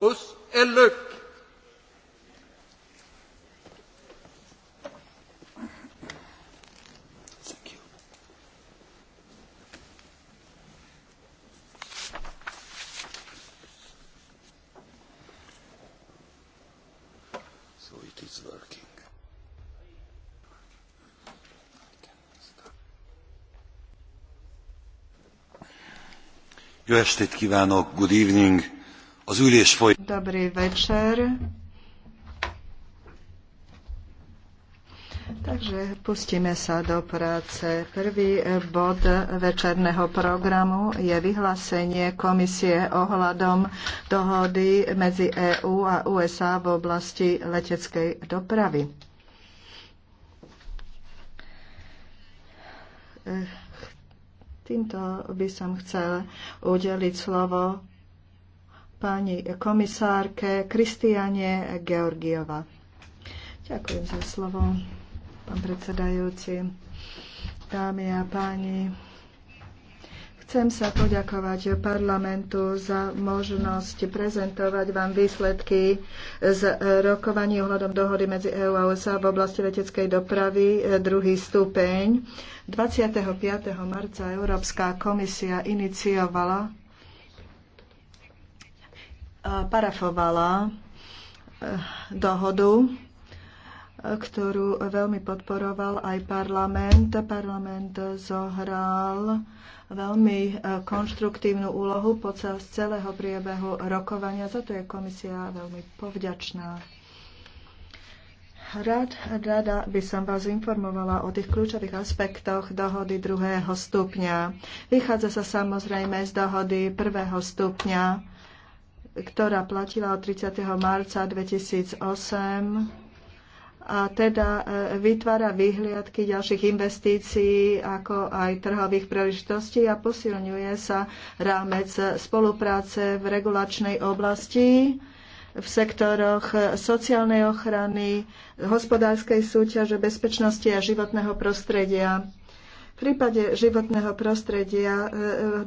Oss eller So Jó estét kívánok, good evening. Az ülés foly... Dobrý večer. Takže pustíme sa do práce. Prvý bod večerného programu je vyhlásenie komisie ohľadom dohody medzi EÚ a USA v oblasti leteckej dopravy. Týmto by som chcel udeliť slovo pani komisárke Kristiane Georgiova. Ďakujem za slovo, pán predsedajúci. Dámy a páni, Chcem sa poďakovať parlamentu za možnosť prezentovať vám výsledky z rokovaní ohľadom dohody medzi EU a USA v oblasti leteckej dopravy, e, druhý stupeň. 25. marca Európska komisia iniciovala parafovala eh, dohodu, eh, ktorú veľmi podporoval aj parlament. Parlament zohral veľmi eh, konštruktívnu úlohu počas celého priebehu rokovania. Za to je komisia veľmi povďačná. Rád, rada by som vás informovala o tých kľúčových aspektoch dohody druhého stupňa. Vychádza sa samozrejme z dohody prvého stupňa ktorá platila od 30. marca 2008 a teda e, vytvára vyhliadky ďalších investícií, ako aj trhových príležitostí a posilňuje sa rámec spolupráce v regulačnej oblasti v sektoroch sociálnej ochrany, hospodárskej súťaže, bezpečnosti a životného prostredia. V prípade životného prostredia e, e,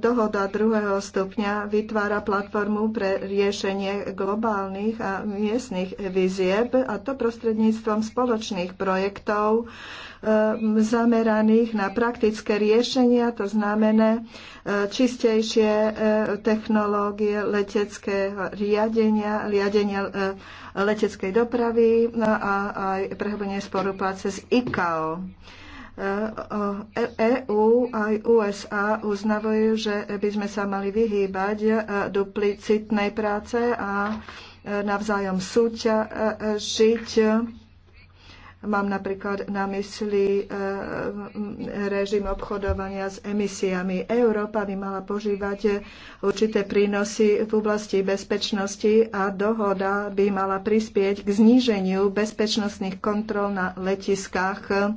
dohoda druhého stupňa vytvára platformu pre riešenie globálnych a miestnych vizieb a to prostredníctvom spoločných projektov e, zameraných na praktické riešenia, to znamená čistejšie technológie leteckého riadenia, riadenia leteckej dopravy no a aj prehlbenie spolupráce s ICAO. EÚ e, e aj USA uznavujú, že by sme sa mali vyhýbať e, duplicitnej práce a navzájom súťažiť. Mám napríklad na mysli režim obchodovania s emisiami. Európa by mala požívať určité prínosy v oblasti bezpečnosti a dohoda by mala prispieť k zníženiu bezpečnostných kontrol na letiskách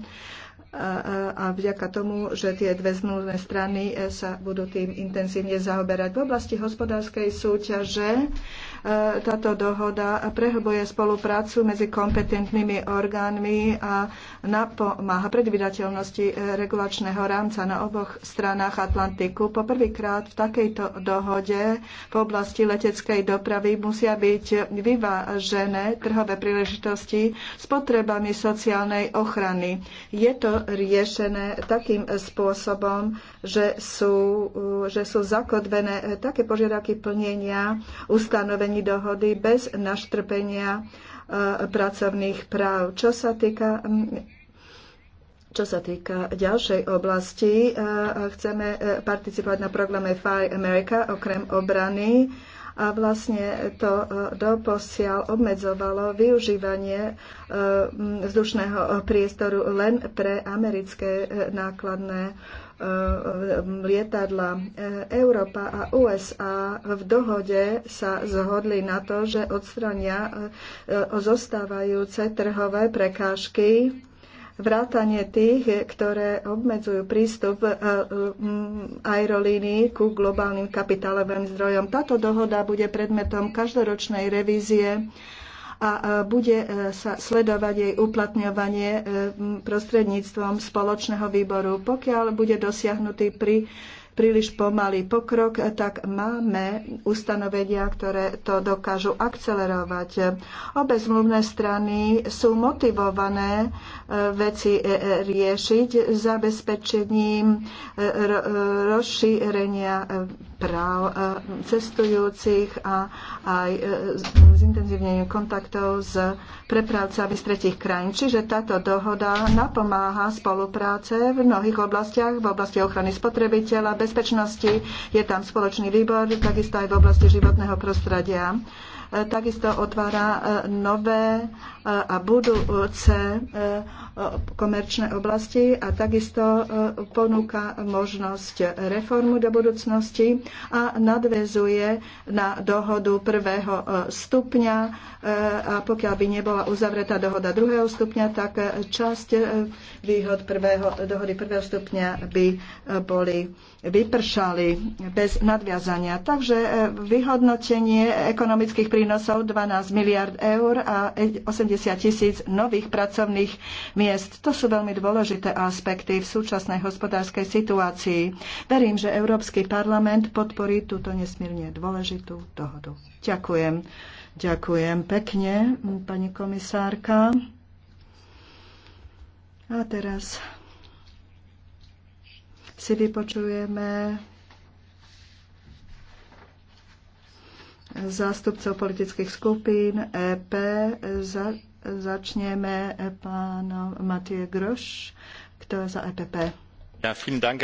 a vďaka tomu, že tie dve zmluvné strany e, sa budú tým intenzívne zaoberať. V oblasti hospodárskej súťaže e, táto dohoda prehlbuje spoluprácu medzi kompetentnými orgánmi a napomáha predvydateľnosti e, regulačného rámca na oboch stranách Atlantiku. Poprvýkrát v takejto dohode v oblasti leteckej dopravy musia byť vyvážené trhové príležitosti s potrebami sociálnej ochrany. Je to riešené takým spôsobom, že sú, že sú zakotvené také požiadavky plnenia ustanovení dohody bez naštrpenia e, pracovných práv. Čo sa týka čo sa týka ďalšej oblasti, e, chceme e, participovať na programe Fire America okrem obrany a vlastne to e, doposiaľ obmedzovalo využívanie e, vzdušného e, priestoru len pre americké nákladné lietadla. Európa a USA v dohode sa zhodli na to, že odstrania zostávajúce trhové prekážky vrátanie tých, ktoré obmedzujú prístup e, e, aerolínií ku globálnym kapitálovým zdrojom. Táto dohoda bude predmetom každoročnej revízie a e, bude sa sledovať jej uplatňovanie prostredníctvom spoločného výboru. Pokiaľ bude dosiahnutý pri príliš pomalý pokrok, tak máme ustanovenia, ktoré to dokážu akcelerovať. Obe zmluvné strany sú motivované e, veci e, e, riešiť zabezpečením rozšírenia práv cestujúcich a aj zintenzívnením kontaktov s prepravcami z tretich krajín. Čiže táto dohoda napomáha spolupráce v mnohých oblastiach, v oblasti ochrany spotrebiteľa, bez bezpečnosti, je tam spoločný výbor, takisto aj v oblasti životného prostredia takisto otvára e, nové e, a budúce e, komerčné oblasti a takisto ponúka možnosť reformu do budúcnosti a nadvezuje na dohodu prvého stupňa a pokiaľ by nebola uzavretá dohoda druhého stupňa, tak časť výhod prvého, dohody prvého stupňa by boli vypršali bez nadviazania. Takže vyhodnotenie ekonomických príležitostí prínosov 12 miliard eur a 80 tisíc nových pracovných miest. To sú veľmi dôležité aspekty v súčasnej hospodárskej situácii. Verím, že Európsky parlament podporí túto nesmierne dôležitú dohodu. Ďakujem. Ďakujem pekne, pani komisárka. A teraz si vypočujeme zástupcov politických skupín EP. Za, začneme e, pánom Matie Groš, kto je za EPP. Ja, dank,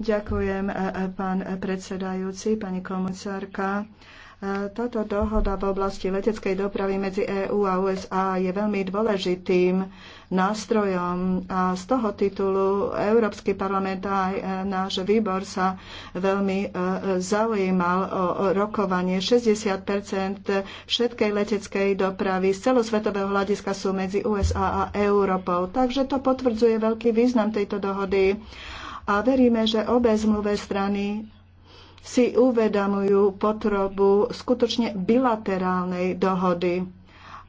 Ďakujem, e, e, pán predsedajúci, pani komisárka. Táto dohoda v oblasti leteckej dopravy medzi EÚ a USA je veľmi dôležitým nástrojom a z toho titulu Európsky parlament a aj e, náš výbor sa veľmi e, zaujímal o rokovanie. 60 všetkej leteckej dopravy z celosvetového hľadiska sú medzi USA a Európou. Takže to potvrdzuje veľký význam tejto dohody a veríme, že obe zmluve strany si uvedomujú potrebu skutočne bilaterálnej dohody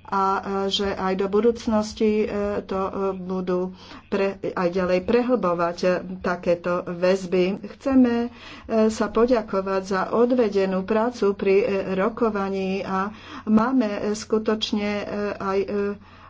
a e, že aj do budúcnosti e, to e, budú pre, aj ďalej prehlbovať takéto väzby. Chceme sa poďakovať za odvedenú prácu pri rokovaní a máme skutočne aj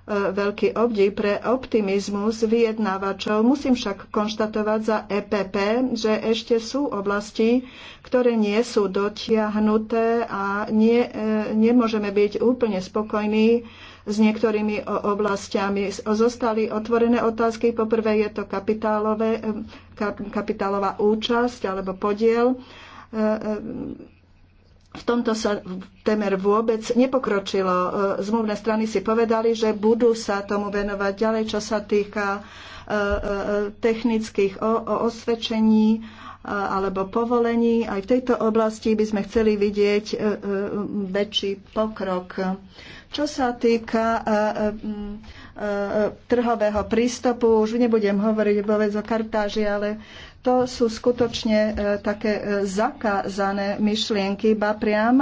veľký obdiv pre optimizmus vyjednávačov. Musím však konštatovať za EPP, že ešte sú oblasti, ktoré nie sú dotiahnuté a nie, e, nemôžeme byť úplne spokojní s niektorými oblastiami. Zostali otvorené otázky. Poprvé je to kapitálové, e, kapitálová účasť alebo podiel e, v tomto sa temer vôbec nepokročilo. E, Zmluvné strany si povedali, že budú sa tomu venovať ďalej, čo sa týka e, e, technických osvedčení alebo povolení. Aj v tejto oblasti by sme chceli vidieť e, e, väčší pokrok. Čo sa týka e, trhového prístupu, už nebudem hovoriť vôbec o kartáži, ale to sú skutočne také zakázané myšlienky, ba priam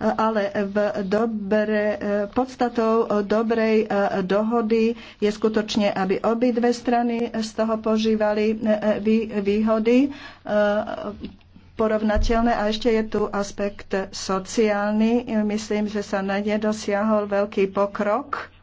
ale v dobre, podstatou dobrej e, dohody je skutočne, aby dve strany z toho požívali e, e, výhody porovnateľné. A ešte je tu aspekt sociálny. Myslím, že sa nedosiahol veľký pokrok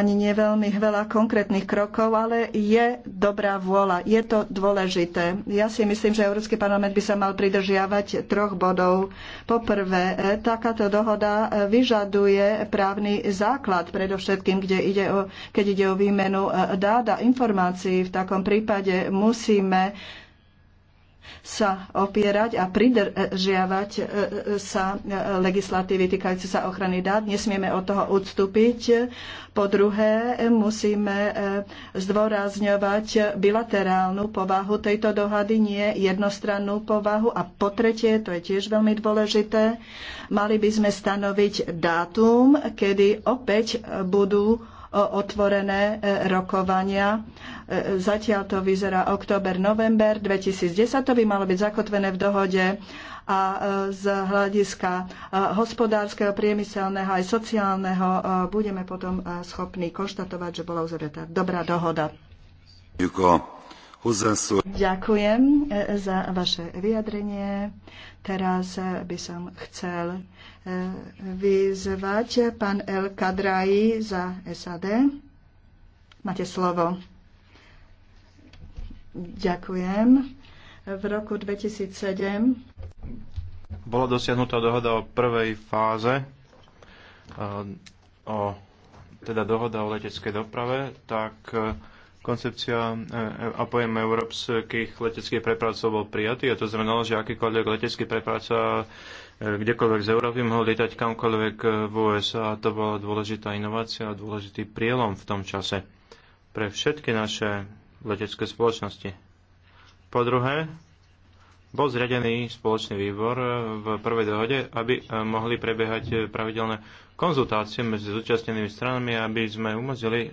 ani nie veľmi veľa konkrétnych krokov, ale je dobrá vôľa. Je to dôležité. Ja si myslím, že Európsky parlament by sa mal pridržiavať troch bodov. Poprvé, e, takáto dohoda e, vyžaduje právny základ, predovšetkým, kde ide o, keď ide o výmenu e, dáda, informácií. V takom prípade musíme sa opierať a pridržiavať e, e, sa e, legislatívy týkajúce sa ochrany dát. Nesmieme od toho odstúpiť. Po druhé, musíme zdôrazňovať bilaterálnu povahu tejto dohady, nie jednostrannú povahu. A po tretie, to je tiež veľmi dôležité, mali by sme stanoviť dátum, kedy opäť budú otvorené e, rokovania. E, zatiaľ to vyzerá október-november 2010, to by malo byť zakotvené v dohode a e, z hľadiska hospodárskeho, priemyselného aj sociálneho budeme potom schopní konštatovať, že bola uzavretá dobrá dohoda. Ďakujem. Ďakujem e, za vaše vyjadrenie. Teraz e, by som chcel e, vyzvať pán El Kadraji za SAD. Máte slovo. Ďakujem. V roku 2007 bola dosiahnutá dohoda o prvej fáze o teda dohoda o leteckej doprave, tak koncepcia eh, a pojem európskych leteckých prepravcov bol prijatý a to znamenalo, že akýkoľvek letecký prepravca eh, kdekoľvek z Európy mohol lietať kamkoľvek eh, v USA a to bola dôležitá inovácia a dôležitý prielom v tom čase pre všetky naše letecké spoločnosti. Po druhé, bol zriadený spoločný výbor v prvej dohode, aby mohli prebiehať pravidelné konzultácie medzi zúčastnenými stranami, aby sme umožnili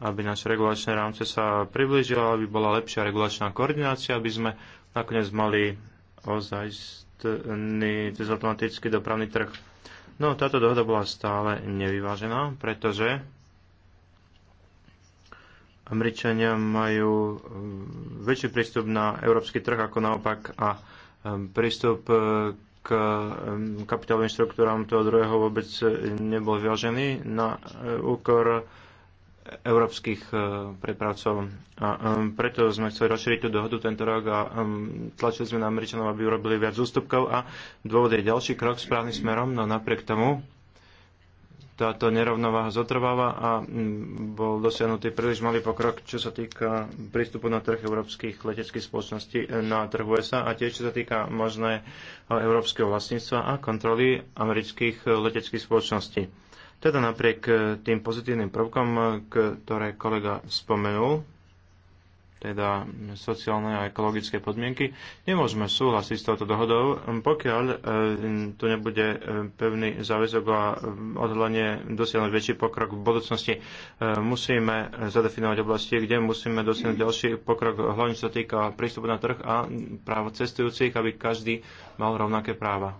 aby naše regulačné rámce sa priblížilo, aby bola lepšia regulačná koordinácia, aby sme nakoniec mali ozajstný automatický dopravný trh. No, táto dohoda bola stále nevyvážená, pretože Američania majú um, väčší prístup na európsky trh ako naopak a um, prístup uh, k um, kapitálovým štruktúram toho druhého vôbec nebol vyvážený na uh, úkor európskych e, prepravcov. A e, preto sme chceli rozšíriť tú dohodu tento rok a e, tlačili sme na Američanov, aby urobili viac ústupkov a dôvod je ďalší krok správnym smerom, no napriek tomu táto nerovnováha zotrváva a bol dosiahnutý príliš malý pokrok, čo sa týka prístupu na trh európskych leteckých spoločností na trhu USA a tiež čo sa týka možného európskeho vlastníctva a kontroly amerických leteckých spoločností. Teda napriek eh, tým pozitívnym prvkom, eh, ktoré kolega spomenul, teda sociálne a ekologické podmienky. Nemôžeme súhlasiť s touto dohodou, hm, pokiaľ eh, tu nebude pevný záväzok a hm, odhľadne dosiahnuť väčší pokrok v budúcnosti. musíme zadefinovať oblasti, kde musíme dosiahnuť ďalší pokrok, hlavne čo sa týka prístupu na trh a hm, právo cestujúcich, aby každý mal rovnaké práva.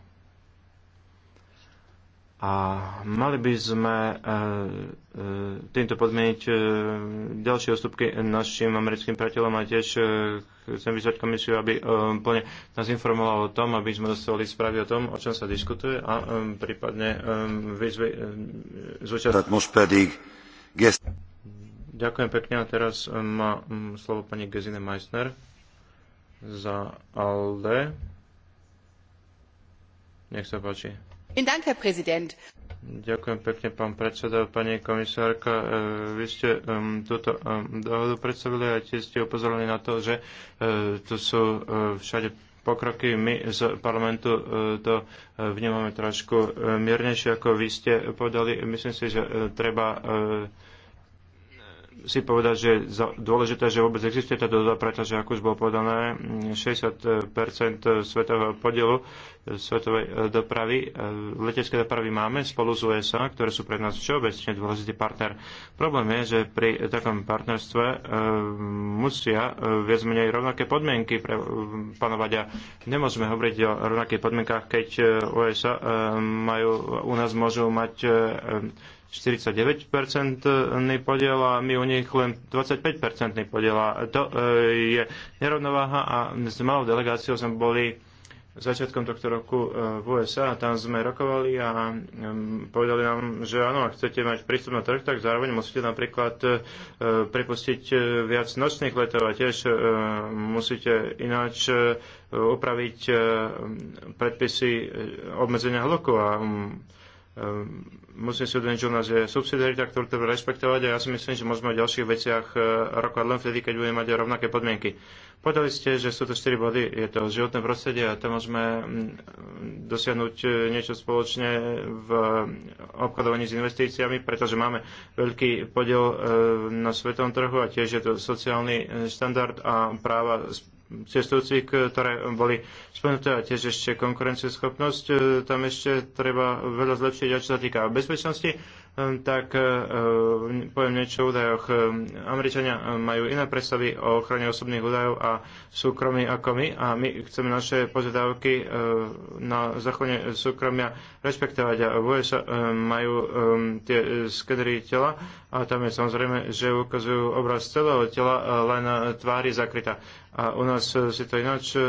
A mali by sme e, e, týmto podmieniť e, ďalšie ostupky našim americkým priateľom a tiež chcem vyzvať komisiu, aby plne nás informovala o tom, aby sme dostali správy o tom, o čom sa diskutuje a prípadne vyzvy zúčastniť. Ďakujem pekne a teraz má slovo pani Gesine Meissner za ALDE. Nech sa páči. Ďakujem pekne, pán predseda, pani komisárka. E, vy ste um, túto um, dohodu predstavili a tiež ste upozorili na to, že uh, tu sú uh, všade pokroky. My z parlamentu to vnímame trošku miernejšie, ako vy ste podali. Myslím si, že treba si povedať, že za dôležité, že vôbec existuje tá dohoda, pretože ako už bolo povedané, 60% mm, svetového podielu e, svetovej e, dopravy, e, letecké dopravy máme spolu s USA, ktoré sú pre nás všeobecne dôležitý partner. Problém je, že pri takom partnerstve musia viac menej rovnaké podmienky pre panovať a nemôžeme hovoriť o rovnakých podmienkách, keď USA majú, u nás môžu mať 49-percentný podiel a my u nich len 25-percentný podiel. A to e, je nerovnováha a s malou delegáciou sme boli začiatkom tohto roku e, v USA a tam sme rokovali a mm, povedali nám, že áno, ak chcete mať prístup na trh, tak zároveň musíte napríklad e, pripustiť viac nočných letov a tiež musíte ináč upraviť predpisy obmedzenia hluku a mm, Ehm, musím si uvedomiť, že u nás je subsidiarita, ktorú treba rešpektovať a ja si myslím, že môžeme o ďalších veciach e, rokovať len vtedy, keď budeme mať rovnaké podmienky. Povedali ste, že sú to 4 body, je to životné prostredie a to môžeme mm, dosiahnuť e, niečo spoločne v obchodovaní s investíciami, pretože máme veľký podiel e, na svetom trhu a tiež je to sociálny štandard a práva cestujúcich, ktoré boli spomenuté a tiež ešte konkurencieschopnosť. Tam ešte treba veľa zlepšiť, čo sa týka bezpečnosti Hm, tak e, e, poviem niečo o údajoch. Hm, Američania e, majú iné predstavy o ochrane osobných údajov a súkromí ako my a my chceme naše požiadavky na zachovanie súkromia rešpektovať a v USA majú hm, tie skenery tela a tam je samozrejme, že ukazujú obraz celého tela, len tvári zakrytá. A u nás si to ináč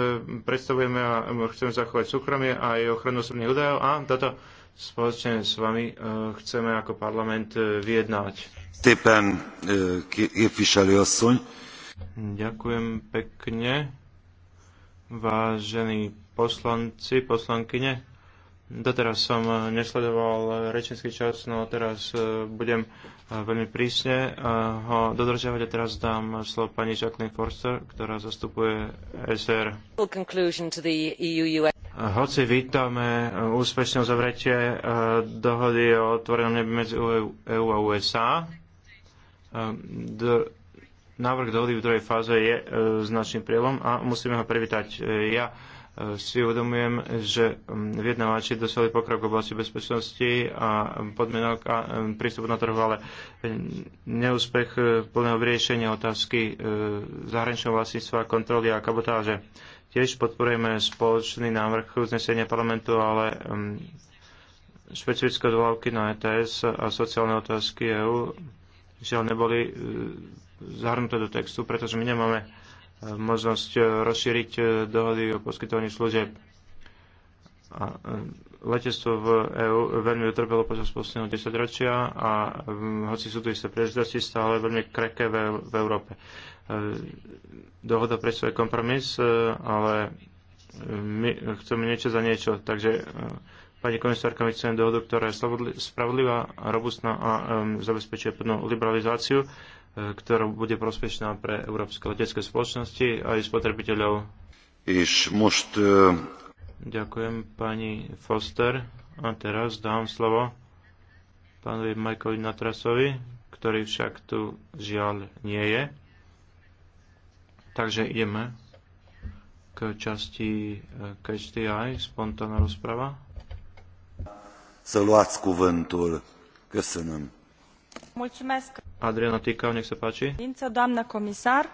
predstavujeme a chceme zachovať súkromie a aj ochranu osobných údajov a toto spoločne s vami e, chceme ako parlament e, vyjednávať. Stepen e, képviselő asszony. Ďakujem pekne, vážení poslanci, poslankyne. Doteraz som nesledoval rečnický čas, no teraz budem veľmi prísne ho dodržiavať a teraz dám slovo pani Jacqueline Forster, ktorá zastupuje SR. Hoci vítame uh, úspešné uzavretie uh, dohody o otvorenom nebi medzi EU e, e a USA, uh, návrh dohody v druhej fáze je značným prílom a musíme ho privítať. Ja si uvedomujem, že um, vyjednávači dosiahli pokrok v oblasti bezpečnosti a podmienok a um, prístupu na trhu, ale um, neúspech plného vyriešenia otázky zahraničného vlastníctva, kontroly a kabotáže Tiež podporujeme spoločný návrh uznesenia parlamentu, ale um, špecifické odvolávky na ETS a sociálne otázky EU žiaľ neboli uh, zahrnuté do textu, pretože my nemáme uh, možnosť uh, rozšíriť dohody o poskytovaní služieb. A letectvo v EÚ veľmi utrpelo počas posledného desaťročia a hoci sú tu isté príležitosti, stále veľmi kreké v, e v Európe. E, dohoda pre svoj kompromis, e, ale my chceme niečo za niečo. Takže pani komisárka, my chceme dohodu, ktorá je spravodlivá, robustná a um, zabezpečuje plnú liberalizáciu, ktorá bude prospešná pre európske letecké spoločnosti a aj spotrebiteľov. Ich most Ďakujem pani Foster. A teraz dám slovo pánovi Michaelovi Natrasovi, ktorý však tu žiaľ nie je. Takže ideme k časti eh, Catch spontánna rozprava. Să luați cuvântul. Căsânăm. Mulțumesc. Adriana Ticau, nech sa páči. Doamnă comisar,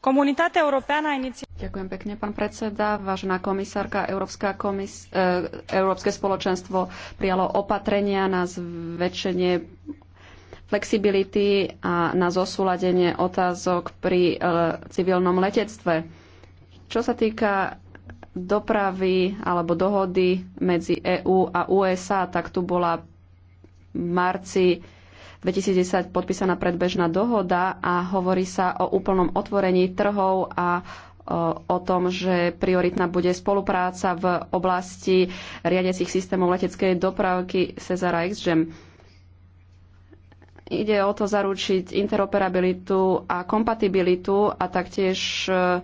Komunitatea europeană a inițiat... Ďakujem pekne, pán predseda. Vážená komisárka, Európska komis- e, Európske spoločenstvo prijalo opatrenia na zväčšenie flexibility a na zosúladenie otázok pri e, civilnom letectve. Čo sa týka dopravy alebo dohody medzi EÚ a USA, tak tu bola v marci 2010 podpísaná predbežná dohoda a hovorí sa o úplnom otvorení trhov a e, o tom, že prioritná bude spolupráca v oblasti riadiacich systémov leteckej dopravky Cezara XGEM. Ide o to zaručiť interoperabilitu a kompatibilitu a taktiež e,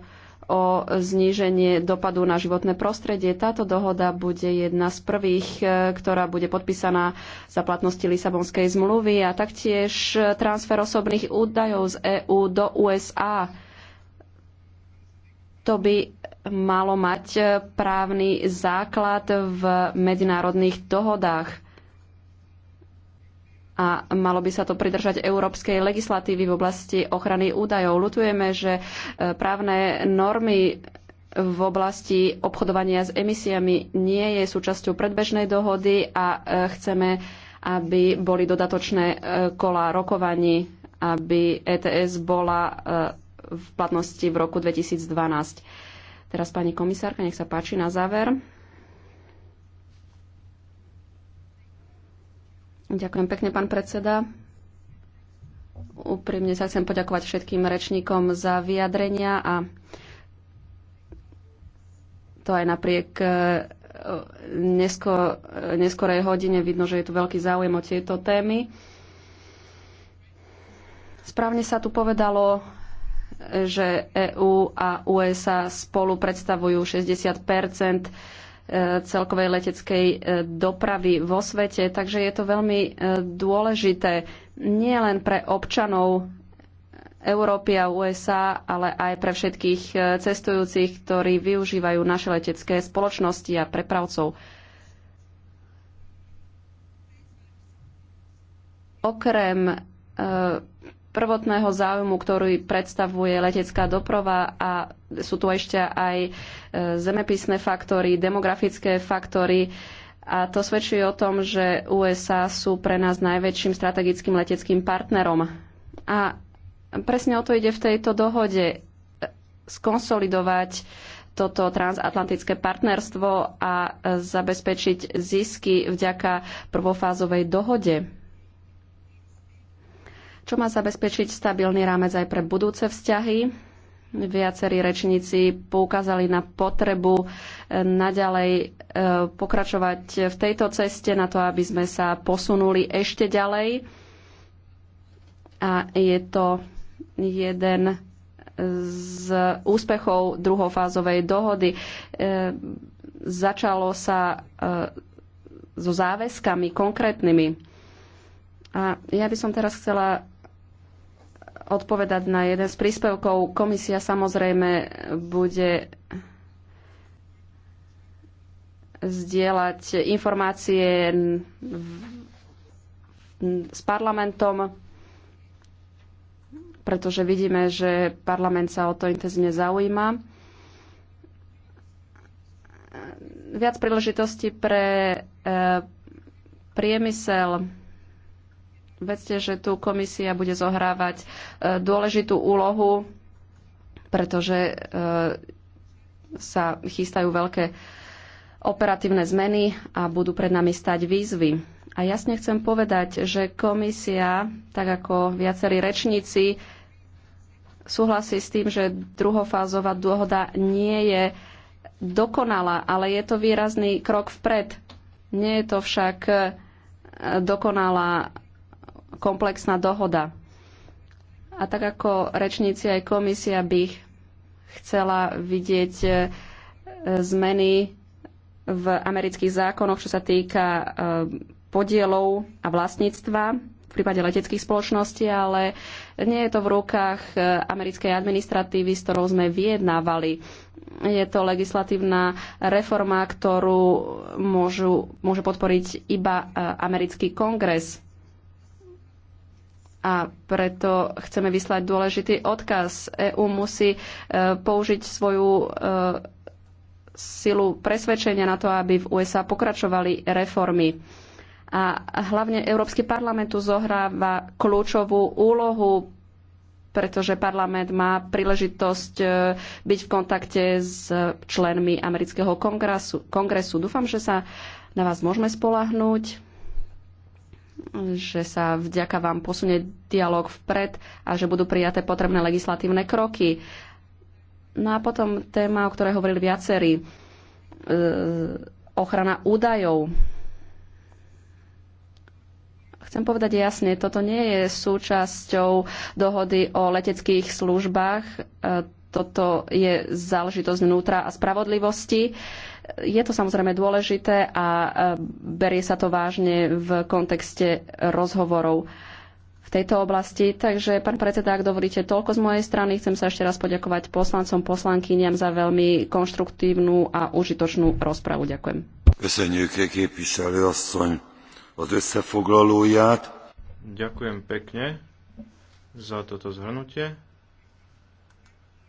o zníženie dopadu na životné prostredie. Táto dohoda bude jedna z prvých, e, ktorá bude podpísaná za platnosti Lisabonskej zmluvy a taktiež transfer osobných údajov z EÚ do USA. To by malo mať e, právny základ v medzinárodných dohodách a malo by sa to pridržať európskej legislatívy v oblasti ochrany údajov. Lutujeme, že e, právne normy v oblasti obchodovania s emisiami nie je súčasťou predbežnej dohody a e, chceme, aby boli dodatočné e, kola rokovaní, aby ETS bola v platnosti v roku 2012. Teraz pani komisárka, nech sa páči na záver. Ďakujem pekne, pán predseda. Úprimne sa chcem poďakovať všetkým rečníkom za vyjadrenia a to aj napriek e, nesko, e, neskorej hodine vidno, že je tu veľký záujem o tieto témy. Správne sa tu povedalo, že EÚ a USA spolu predstavujú 60 celkovej leteckej e, dopravy vo svete. Takže je to veľmi e, dôležité nielen pre občanov Európy a USA, ale aj pre všetkých e, cestujúcich, ktorí využívajú naše letecké spoločnosti a prepravcov. Okrem prvotného záujmu, ktorý predstavuje letecká doprava a sú tu ešte aj e, zemepisné faktory, demografické faktory. A to svedčí o tom, že USA sú pre nás najväčším strategickým leteckým partnerom. A presne o to ide v tejto dohode e, skonsolidovať toto transatlantické partnerstvo a e, zabezpečiť zisky vďaka prvofázovej dohode čo má zabezpečiť stabilný rámec aj pre budúce vzťahy. Viacerí rečníci poukázali na potrebu e, naďalej e, pokračovať v tejto ceste na to, aby sme sa posunuli ešte ďalej. A je to jeden e, z úspechov druhofázovej dohody. E, začalo sa e, so záväzkami konkrétnymi. A ja by som teraz chcela odpovedať na jeden z príspevkov. Komisia samozrejme bude zdieľať informácie s parlamentom, pretože vidíme, že parlament sa o to intenzívne zaujíma. Viac príležitostí pre eh, priemysel Vedzte, že tu komisia bude zohrávať e, dôležitú úlohu, pretože e, sa chystajú veľké operatívne zmeny a budú pred nami stať výzvy. A jasne chcem povedať, že komisia, tak ako viacerí rečníci, súhlasí s tým, že druhofázová dohoda nie je dokonalá, ale je to výrazný krok vpred. Nie je to však e, dokonalá komplexná dohoda. A tak ako rečníci aj komisia by chcela vidieť e, zmeny v amerických zákonoch, čo sa týka e, podielov a vlastníctva v prípade leteckých spoločností, ale nie je to v rukách e, americkej administratívy, s ktorou sme vyjednávali. Je to legislatívna reforma, ktorú môžu, môže podporiť iba americký kongres a preto chceme vyslať dôležitý odkaz. EÚ musí e, použiť svoju e, silu presvedčenia na to, aby v USA pokračovali reformy. A hlavne Európsky parlament tu zohráva kľúčovú úlohu, pretože parlament má príležitosť e, byť v kontakte s členmi amerického kongresu. kongresu. Dúfam, že sa na vás môžeme spolahnúť že sa vďaka vám posunie dialog vpred a že budú prijaté potrebné legislatívne kroky. No a potom téma, o ktorej hovorili viacerí, e, ochrana údajov. Chcem povedať jasne, toto nie je súčasťou dohody o leteckých službách. E, toto je záležitosť vnútra a spravodlivosti. E, je to samozrejme dôležité a e, berie sa to vážne v kontexte rozhovorov v tejto oblasti. Takže, pán predseda, ak dovolíte toľko z mojej strany, chcem sa ešte raz poďakovať poslancom, poslankyniam za veľmi konštruktívnu a užitočnú rozpravu. Ďakujem. Eh, Ďakujem pekne za toto zhrnutie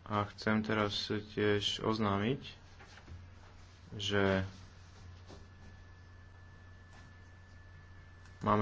a chcem teraz tiež oznámiť, že